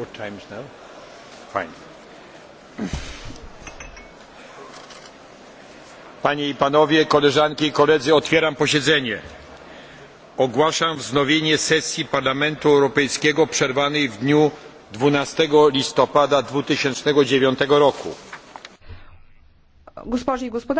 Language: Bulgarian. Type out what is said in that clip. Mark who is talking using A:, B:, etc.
A: What time now? Fine.
B: Panie i panowie, koleżanki i koledzy, otwieram posiedzenie. Ogłaszam wznowienie sesji Parlamentu Europejskiego przerwanej w dniu 12 listopada 2009 roku.
C: Госпожи и